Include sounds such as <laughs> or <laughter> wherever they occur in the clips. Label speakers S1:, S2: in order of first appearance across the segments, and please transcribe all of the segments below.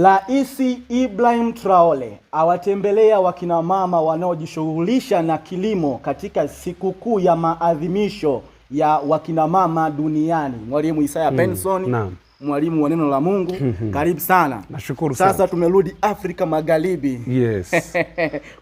S1: Raisi Ibrahim Traore awatembelea wakina mama wanaojishughulisha na kilimo katika sikukuu ya maadhimisho ya wakina mama duniani. Mwalimu Isaya mm, Benson mwalimu wa neno la Mungu. Mhm. Karibu sana.
S2: Nashukuru sana. Sasa
S1: tumerudi Afrika Magharibi. Yes. <laughs>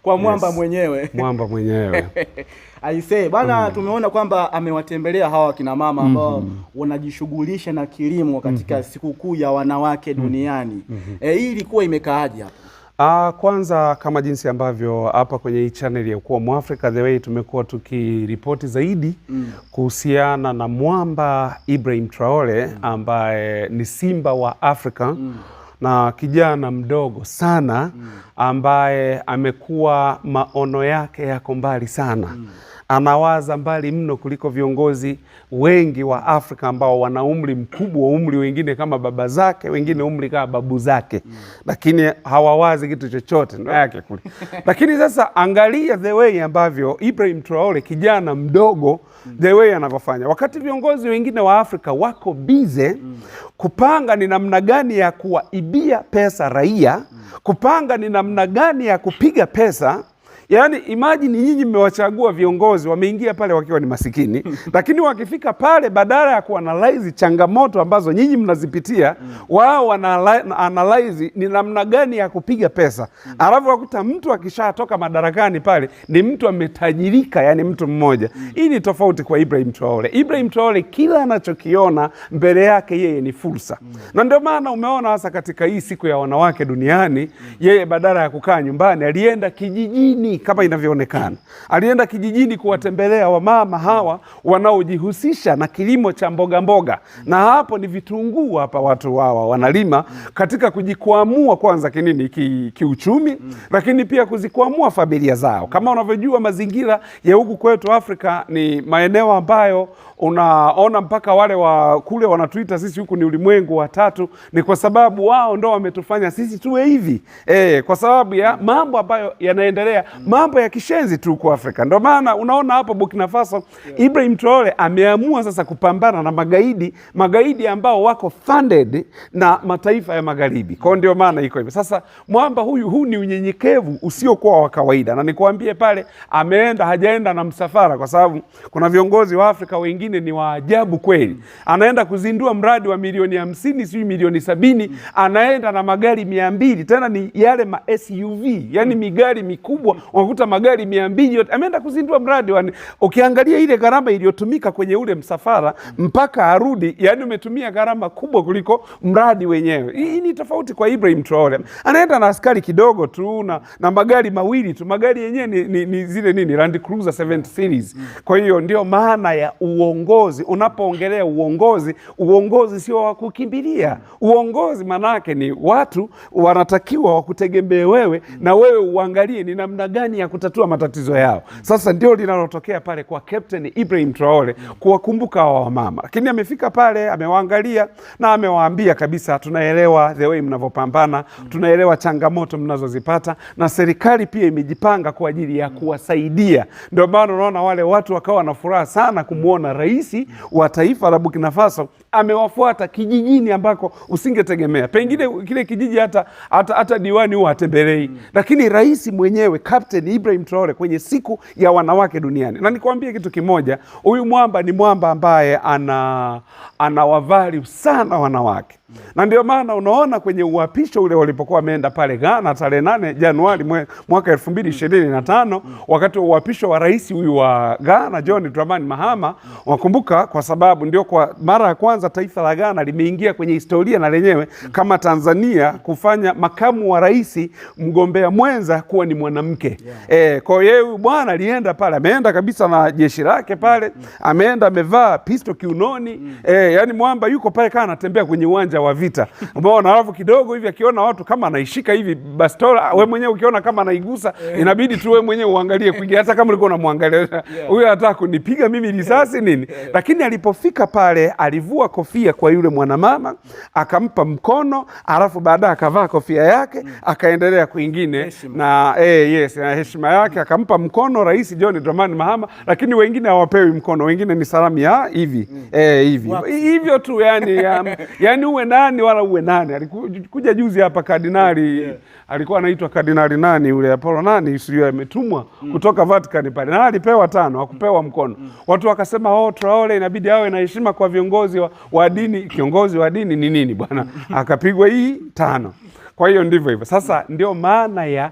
S1: Kwa mwamba yes. mwenyewe
S2: mwamba mwenyewe <laughs>
S1: aisee bwana mm. Tumeona kwamba amewatembelea hawa wakina mama ambao mm -hmm. wanajishughulisha na kilimo katika mm -hmm. sikukuu ya wanawake mhm. duniani. mm -hmm. E, hii ilikuwa imekaaje hapa?
S2: Uh, kwanza kama jinsi ambavyo hapa kwenye hii channel ya Ukuu wa Mwafrika the way tumekuwa tukiripoti zaidi mm. kuhusiana na mwamba Ibrahim Traore mm. ambaye ni simba wa Afrika mm. na kijana mdogo sana mm. ambaye amekuwa maono yake yako mbali sana mm anawaza mbali mno kuliko viongozi wengi wa Afrika ambao wana umri mkubwa, umri wengine kama baba zake, wengine umri kama babu zake mm. Lakini hawawazi kitu chochote ndo yake kule <laughs> lakini sasa angalia the way ambavyo Ibrahim Traore kijana mdogo mm. the way anavyofanya, wakati viongozi wengine wa Afrika wako bize mm. kupanga ni namna gani ya kuwaibia pesa raia mm. kupanga ni namna gani ya kupiga pesa Yaani imagine nyinyi mmewachagua viongozi wameingia pale wakiwa ni masikini, <laughs> lakini wakifika pale badala ya kuanalyze changamoto ambazo nyinyi mnazipitia mm. wao wanaanalyze ni namna gani ya kupiga pesa mm. alafu wakuta mtu akishatoka madarakani pale ni mtu ametajirika, yani mtu mmoja mm. hii ni tofauti kwa Ibrahim Traore. Ibrahim Traore kila anachokiona mbele yake yeye ni fursa mm. na ndio maana umeona hasa katika hii siku ya wanawake duniani mm. yeye badala ya kukaa nyumbani alienda kijijini kama inavyoonekana. Alienda kijijini kuwatembelea wamama hawa wanaojihusisha na kilimo cha mboga mboga, na hapo ni vitunguu. Hapa watu hawa wanalima katika kujikwamua kwanza kinini ki, kiuchumi, lakini pia kuzikwamua familia zao. Kama unavyojua mazingira ya huku kwetu Afrika ni maeneo ambayo unaona mpaka wale wa kule wanatuita sisi huku ni ulimwengu wa tatu, ni kwa sababu wao ndo wametufanya sisi tuwe hivi e, kwa sababu ya mambo ambayo yanaendelea, mambo ya kishenzi tu huko Afrika. Ndo maana unaona hapo Burkina Faso yeah. Ibrahim Traore ameamua sasa kupambana na magaidi, magaidi ambao wako funded na mataifa ya magharibi. Kwa ndio maana iko hivyo. Sasa mwamba huyu, huu ni unyenyekevu usiokuwa wa kawaida, na nikwambie pale ameenda, hajaenda na msafara, kwa sababu kuna viongozi wa Afrika wengine wengine ni waajabu kweli. Anaenda kuzindua mradi wa milioni hamsini sijui milioni sabini anaenda na magari mia mbili tena ni yale ma SUV yani migari mikubwa mm. unakuta magari mia mbili yote ameenda kuzindua mradi wa. Ukiangalia ile gharama iliyotumika kwenye ule msafara mpaka arudi, yani umetumia gharama kubwa kuliko mradi wenyewe. Hii ni tofauti kwa Ibrahim Traore, anaenda na askari kidogo tu na, na magari mawili tu. Magari yenyewe ni, ni, ni zile nini Land Cruiser 7 series. Kwa hiyo ndio maana ya uongo uongozi, unapoongelea uongozi, uongozi sio wa kukimbilia. Uongozi maanake ni watu wanatakiwa wakutegemee wewe, na wewe uangalie ni namna gani ya kutatua matatizo yao. Sasa ndio linalotokea pale kwa Captain Ibrahim Traore kuwakumbuka hawa wamama, lakini amefika pale amewaangalia na amewaambia kabisa, tunaelewa the way mnavyopambana, tunaelewa changamoto mnazozipata, na serikali pia imejipanga kwa ajili ya kuwasaidia. Ndio maana unaona wale watu wakawa na furaha sana kumwona rais rais wa taifa la Burkina Faso amewafuata kijijini ambako usingetegemea pengine kile kijiji hata, hata, hata diwani huwa atembelei mm. Lakini rais mwenyewe Captain Ibrahim Traore kwenye siku ya wanawake duniani, na nikwambie kitu kimoja, huyu mwamba ni mwamba ambaye ana anawavali sana wanawake mm. Na ndio maana unaona kwenye uapisho ule walipokuwa wameenda pale Ghana tarehe nane Januari mwaka elfu mbili mm. ishirini na tano mm. wakati wa uapisho wa rais huyu wa Ghana John Dramani Mahama mm. Wakumbuka kwa sababu ndio kwa mara ya kwanza kwanza taifa la Ghana limeingia kwenye historia na lenyewe kama Tanzania kufanya makamu wa rais mgombea mwenza kuwa ni mwanamke yeah. E, kwa hiyo yeye bwana alienda pale, ameenda kabisa na jeshi lake pale, mm. ameenda amevaa pisto kiunoni mm. E, yani mwamba yuko pale kama anatembea kwenye uwanja wa vita, <laughs> umeona. Alafu kidogo hivi akiona watu kama anaishika hivi bastola, we mm. mwenyewe ukiona kama anaigusa yeah. Inabidi tu we mwenyewe uangalie kuingia, hata kama ulikuwa unamwangalia huyo yeah. Anataka kunipiga mimi risasi nini yeah. Lakini alipofika pale alivua kofia kwa yule mwanamama, akampa mkono, alafu baadaye akavaa kofia yake mm. akaendelea kwingine Na, eh, yes, na heshima yake mm. akampa mkono Rais John Dramani Mahama, lakini wengine hawapewi mkono, wengine ni salamu ya hivi mm. eh, hivi hivyo tu yani, um, <laughs> yani uwe nani wala uwe nani. Alikuja juzi hapa kardinali yeah. alikuwa anaitwa kardinali nani yule Apollo nani sijui ametumwa mm. kutoka Vatican pale na alipewa tano akupewa mkono mm. watu wakasema oh, traole inabidi awe na heshima kwa viongozi wa, wa dini, kiongozi wa dini ni nini bwana, <laughs> akapigwa hii tano. Kwa hiyo ndivyo hivyo. Sasa ndio maana ya a,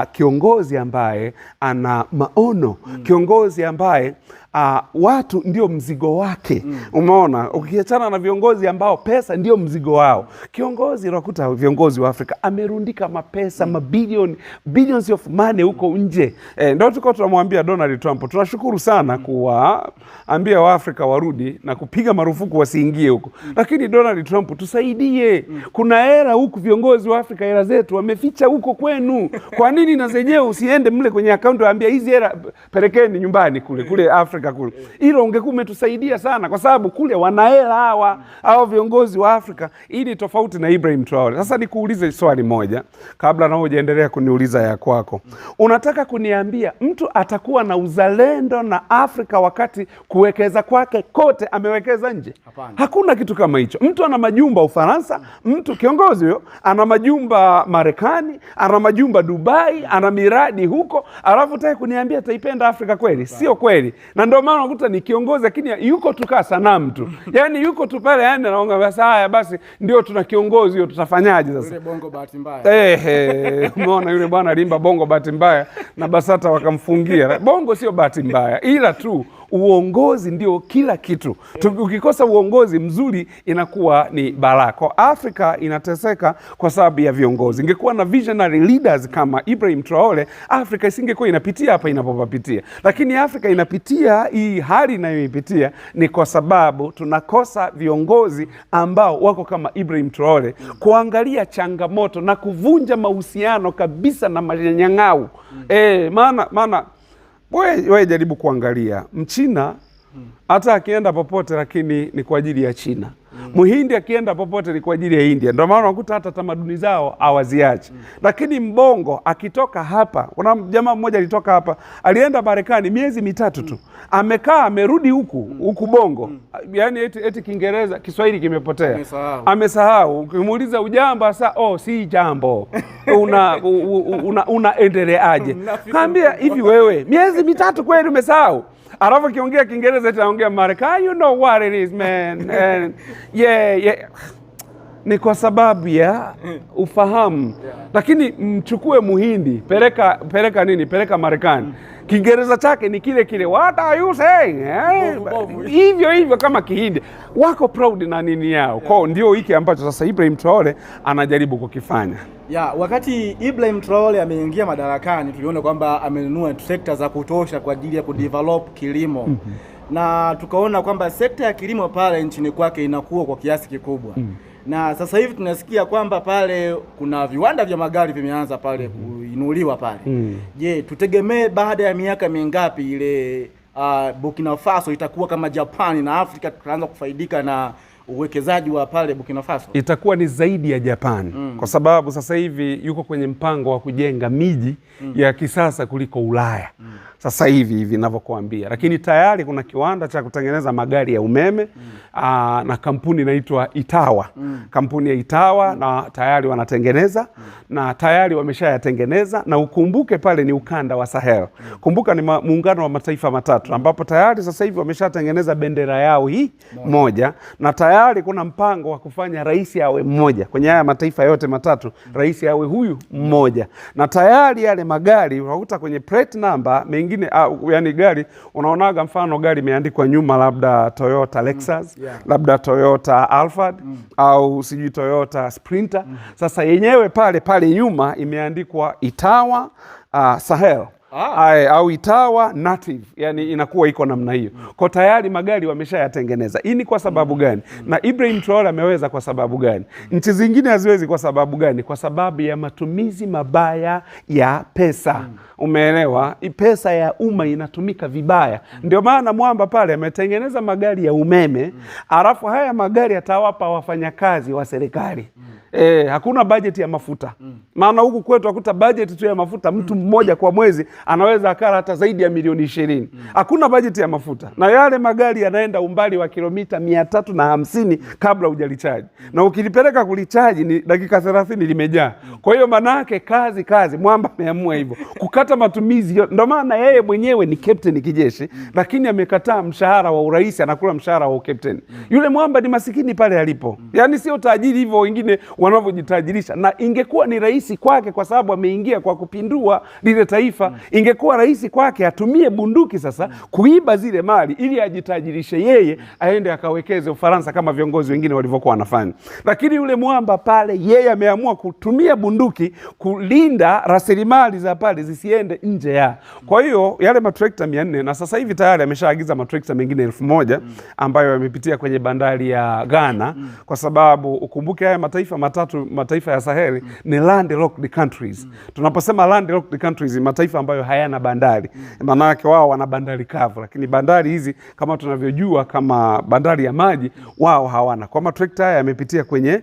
S2: ah, kiongozi ambaye ana maono, mm. kiongozi ambaye Uh, watu ndio mzigo wake mm. Umeona, ukiachana na viongozi ambao pesa ndio mzigo wao. Kiongozi unakuta viongozi wa Afrika amerundika mapesa mm. mabilioni billions of money huko nje eh, ndio tuko tunamwambia Donald Trump tunashukuru sana mm. kuwaambia Waafrika warudi na kupiga marufuku wasiingie huko mm. Lakini Donald Trump tusaidie mm. kuna hera huku, viongozi wa Afrika hera zetu wameficha huko kwenu. <laughs> Kwa nini na zenyewe usiende mle kwenye akaunti waambia hizi hera pelekeni nyumbani kule kule Afrika Afrika kule. Hilo ungekuwa umetusaidia sana, kwa sababu kule wanahela hawa hao viongozi wa Afrika, ili tofauti na Ibrahim Traore. Sasa nikuulize swali moja kabla na hujaendelea kuniuliza ya kwako. Unataka kuniambia mtu atakuwa na uzalendo na Afrika wakati kuwekeza kwake kote amewekeza nje? Hapana. Hakuna kitu kama hicho. Mtu ana majumba Ufaransa, mtu kiongozi huyo ana majumba Marekani, ana majumba Dubai, ana miradi huko, alafu utaki kuniambia taipenda Afrika kweli? Sio kweli na na ndio maana unakuta ni kiongozi lakini yuko tukaa sanamu tu, yaani yuko tu pale, yani anaonga basi, haya basi, ndio tuna kiongozi huyo, tutafanyaje sasa?
S1: Yule bongo bahati
S2: mbaya, ehe, umeona yule bwana alimba bongo bahati mbaya na BASATA wakamfungia. Bongo sio bahati mbaya, ila tu uongozi ndio kila kitu. Ukikosa uongozi mzuri inakuwa ni balaa. Kwa Afrika inateseka kwa sababu ya viongozi. Ingekuwa na visionary leaders kama Ibrahim Traore, Afrika isingekuwa inapitia hapa inapopapitia. Lakini Afrika inapitia hii hali inayoipitia ni kwa sababu tunakosa viongozi ambao wako kama Ibrahim Traore kuangalia changamoto na kuvunja mahusiano kabisa na manyang'au. Mm. E, maana maana wewe jaribu kuangalia Mchina Mm. hata akienda popote, lakini ni kwa ajili ya China. Mhindi mm. akienda popote ni kwa ajili ya India. Ndio maana unakuta hata tamaduni zao hawaziachi mm. Lakini mbongo akitoka hapa, kuna jamaa mmoja alitoka hapa, alienda Marekani miezi mitatu tu mm. amekaa amerudi huku mm. huku bongo mm. yani eti, eti Kiingereza Kiswahili kimepotea, amesahau. Ukimuuliza ujambo sa, oh si jambo, <laughs> unaendeleaje? una, una, una kaambia hivi, wewe miezi mitatu kweli umesahau? alafu kiongea Kiingereza tunaongea Marekani, you know what it is man. <laughs> And yeah, yeah. Ni kwa sababu ya mm. ufahamu yeah. Lakini mchukue Muhindi, peleka peleka nini, peleka Marekani mm. Kiingereza chake ni kile kile, what are you saying eh? hivyo hivyo kama Kihindi, wako proud na nini yao yeah. Kwao ndio hiki ambacho sasa Ibrahim Traore anajaribu kukifanya
S1: ya Wakati Ibrahim Traore ameingia madarakani, tuliona kwamba amenunua sekta za kutosha kwa ajili ya kudevelop kilimo mm -hmm. na tukaona kwamba sekta ya kilimo pale nchini kwake inakuwa kwa kiasi kikubwa mm -hmm na sasa hivi tunasikia kwamba pale kuna viwanda vya magari vimeanza pale mhm. kuinuliwa pale. Mm. Je, tutegemee baada ya miaka mingapi ile uh, Burkina Faso itakuwa kama Japani na Afrika tutaanza kufaidika na uwekezaji wa pale Burkina Faso?
S2: Itakuwa ni zaidi ya Japani mm. kwa sababu sasa hivi yuko kwenye mpango wa kujenga miji mm. ya kisasa kuliko Ulaya mm sasa hivi hivi ninavyokuambia, lakini tayari kuna kiwanda cha kutengeneza magari ya umeme mm. aa, ah, na kampuni inaitwa Itawa mm. kampuni ya Itawa mm. na tayari wanatengeneza mm. na tayari wameshayatengeneza, na ukumbuke pale ni ukanda wa Sahel mm. kumbuka ni muungano wa mataifa matatu ambapo tayari sasa hivi wameshatengeneza bendera yao hii no. moja na tayari kuna mpango wa kufanya rais awe mmoja kwenye haya mataifa yote matatu mm. rais awe huyu mmoja, na tayari yale magari unakuta kwenye plate number nyingine uh, yani gari unaonaga mfano gari imeandikwa nyuma labda Toyota Lexus mm, yeah. labda Toyota Alphard mm. au sijui Toyota Sprinter mm. Sasa yenyewe pale pale nyuma imeandikwa Itawa uh, Sahel ah. itawa native, yani mm. inakuwa iko namna hiyo mm. Kwa tayari magari wameshayatengeneza. Hii ni kwa sababu mm. gani? mm. na Ibrahim Traore ameweza kwa sababu gani? mm. nchi zingine haziwezi kwa sababu gani? Kwa sababu ya matumizi mabaya ya pesa mm. Umeelewa, pesa ya umma inatumika vibaya mm. Ndio maana mwamba pale ametengeneza magari ya umeme mm. Alafu haya magari atawapa wafanyakazi wa serikali mm. Eh, hakuna bajeti ya mafuta mm. maana mm. huku kwetu hakuta bajeti tu ya mafuta mtu mm. mmoja kwa mwezi anaweza akala hata zaidi ya milioni ishirini. Mm. Hakuna bajeti ya mafuta, na yale magari yanaenda umbali wa kilomita mia tatu na hamsini kabla hujalichaji, mm. na ukilipeleka kulichaji ni dakika thelathini limejaa. Mm. Kwa hiyo manake kazi kazi, mwamba ameamua hivyo <laughs> kukata matumizi. Ndo maana yeye mwenyewe ni kapteni kijeshi, lakini amekataa mshahara wa urais, anakula mshahara wa captain. Yule mwamba ni masikini pale alipo, yani sio tajiri hivyo wengine wanavyojitajirisha, na ingekuwa ni rahisi kwake kwa sababu ameingia kwa kupindua lile taifa ingekuwa rahisi kwake atumie bunduki sasa kuiba zile mali ili ajitajirishe yeye, aende akawekeze Ufaransa kama viongozi wengine walivyokuwa wanafanya. Lakini yule mwamba pale, yeye ameamua kutumia bunduki kulinda rasilimali za pale zisiende nje ya. Kwa hiyo yale matrekta mia nne na sasa hivi tayari ameshaagiza matrekta mengine elfu moja ambayo yamepitia kwenye bandari ya Ghana, kwa sababu ukumbuke haya mataifa matatu mataifa ya Saheli ni landlocked countries. Tunaposema landlocked countries, mataifa ambayo ambayo hayana bandari mm. Maanake wao wana bandari kavu, lakini bandari hizi kama tunavyojua kama bandari ya maji wao hawana. Kwa matrekta haya yamepitia kwenye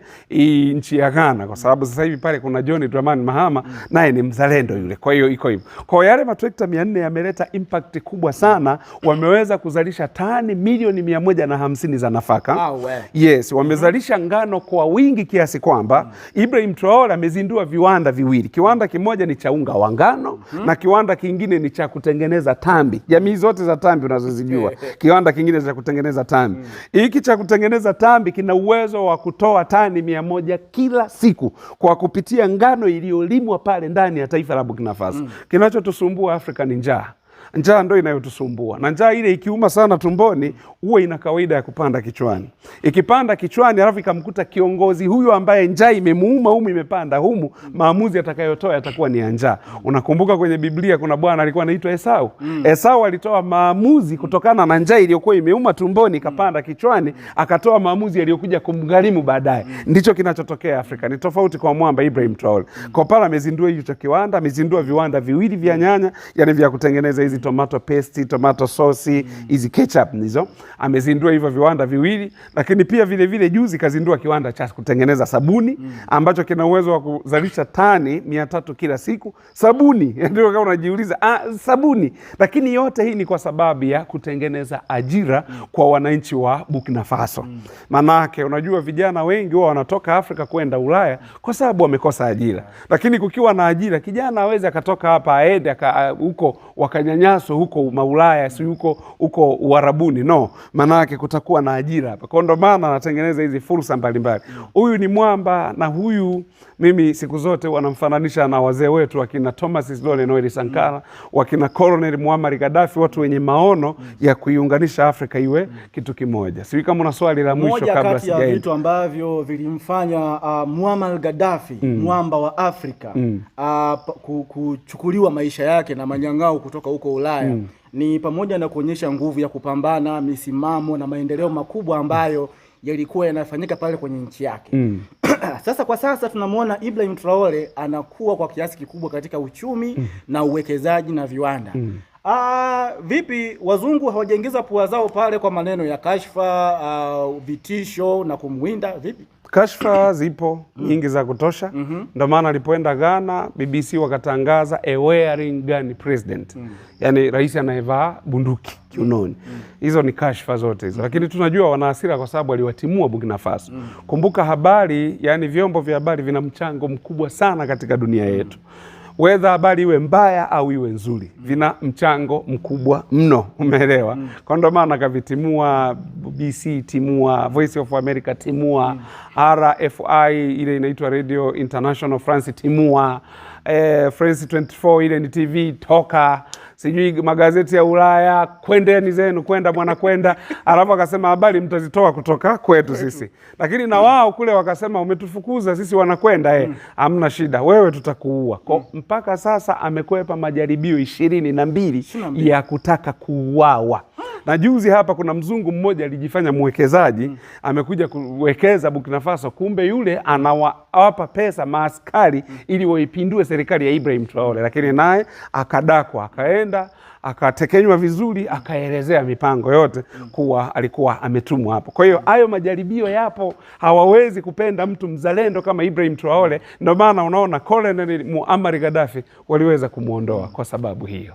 S2: nchi ya Ghana, kwa sababu sasa hivi pale kuna John Dramani Mahama mm. naye ni mzalendo yule, kwa hiyo iko hivyo. Kwa yale matrekta mia nne yameleta impact kubwa sana, wameweza kuzalisha tani milioni mia moja na hamsini za nafaka wow, ah, we. Yes, wamezalisha ngano kwa wingi kiasi kwamba mm. Ibrahim Traore amezindua viwanda viwili, kiwanda kimoja ni cha unga wa ngano -hmm. na kiwanda kingine ni cha kutengeneza tambi. Jamii zote za tambi unazozijua <laughs> kiwanda kingine cha kutengeneza tambi hmm. hiki mm. cha kutengeneza tambi kina uwezo wa kutoa tani mia moja kila siku kwa kupitia ngano iliyolimwa pale ndani ya taifa la Burkina Faso mm. kinachotusumbua Afrika ni njaa njaa ndo inayotusumbua, na njaa ile ikiuma sana tumboni huwa ina kawaida ya kupanda kichwani. Ikipanda kichwani alafu ikamkuta kiongozi huyu ambaye njaa imemuuma humu, imepanda humu, maamuzi atakayotoa yatakuwa ni ya njaa. Unakumbuka kwenye Biblia kuna bwana alikuwa anaitwa Esau. Mm. Esau alitoa maamuzi kutokana na njaa iliyokuwa imeuma tumboni, ikapanda kichwani, akatoa maamuzi yaliyokuja kumgharimu baadaye. Mm. Ndicho kinachotokea Afrika. Ni tofauti kwa mwamba Ibrahim Traore. Mm. Kopala amezindua hicho kiwanda, amezindua viwanda viwili vya nyanya, yani vya kutengeneza hizi tomato paste, tomato sauce, hizi mm. ketchup nizo. Amezindua hivyo viwanda viwili, lakini pia vile vile juzi kazindua kiwanda cha kutengeneza sabuni mm. ambacho kina uwezo wa kuzalisha tani 300 kila siku sabuni. <laughs> Ndio kama unajiuliza ah, sabuni. Lakini yote hii ni kwa sababu ya kutengeneza ajira mm. kwa wananchi wa Burkina Faso. Mm. Manake unajua vijana wengi wao wanatoka Afrika kwenda Ulaya kwa sababu wamekosa ajira. Lakini kukiwa na ajira kijana aweze akatoka hapa aende uh, huko wakanyanya manyanyaso huko Maulaya, si huko huko Uarabuni. No, maana yake kutakuwa na ajira hapa. Kwa ndo maana anatengeneza hizi fursa mbalimbali. Huyu ni mwamba na huyu, mimi siku zote wanamfananisha na wazee wetu wakina Thomas Isidore Noel Sankara, wakina Colonel Muammar Gaddafi, watu wenye maono ya kuiunganisha Afrika iwe kitu kimoja. Sijui kama una swali la mwisho kabla sijaenda.
S1: Vitu ambavyo vilimfanya uh, Muammar Gaddafi mm. mwamba wa Afrika mm. uh, kuchukuliwa maisha yake na manyang'ao kutoka huko Ulaya mm. ni pamoja na kuonyesha nguvu ya kupambana misimamo na maendeleo makubwa ambayo yalikuwa yanafanyika pale kwenye nchi yake mm. <clears throat> Sasa kwa sasa tunamwona Ibrahim Traore anakuwa kwa kiasi kikubwa katika uchumi mm. na uwekezaji na viwanda mm. Aa, ah, vipi wazungu hawajaingiza pua zao pale kwa maneno ya kashfa, uh, vitisho na kumwinda vipi?
S2: Kashfa zipo nyingi za kutosha mm -hmm. Ndio maana alipoenda Ghana BBC wakatangaza a wearing gun president mm -hmm. Yani rais anayevaa bunduki kiunoni mm hizo -hmm. ni kashfa zote hizo Lakini tunajua wana hasira kwa sababu aliwatimua Burkina Faso mm -hmm. Kumbuka habari, yani vyombo vya habari vina mchango mkubwa sana katika dunia yetu mm -hmm wedha habari iwe mbaya au iwe nzuri, vina mchango mkubwa mno, umeelewa? mm. Kwa ndo maana kavitimua BBC, timua Voice of America, timua mm. RFI ile inaitwa Radio International France, timua eh, France 24 ile ni TV toka sijui magazeti ya Ulaya, kwendeni zenu, kwenda mwana kwenda. <laughs> Alafu akasema habari mtazitoa kutoka kwetu sisi, lakini na wao kule wakasema umetufukuza sisi wanakwenda eh, hmm. hamna shida, wewe tutakuua. Kwa hmm. mpaka sasa amekwepa majaribio ishirini na mbili ya kutaka kuuawa. Na juzi hapa kuna mzungu mmoja alijifanya mwekezaji mm. amekuja kuwekeza Burkina Faso, kumbe yule anawapa pesa maaskari mm. ili waipindue serikali ya Ibrahim Traore, lakini naye akadakwa, akaenda akatekenywa vizuri, mm. akaelezea mipango yote mm. kuwa alikuwa ametumwa hapo. Kwa hiyo hayo majaribio yapo, hawawezi kupenda mtu mzalendo kama Ibrahim Traore. Ndio maana unaona Colonel Muammar Gaddafi waliweza kumwondoa mm. kwa sababu hiyo.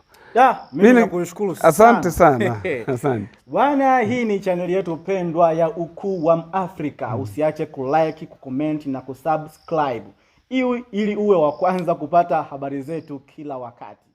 S1: Nakushukuru sana.
S2: Asante sana. <laughs> Asante.
S1: Bwana, hii ni chaneli yetu pendwa ya Ukuu wa Afrika. Mm. Usiache kulike, kucomment na kusubscribe. Iwe ili uwe wa kwanza kupata habari zetu kila wakati.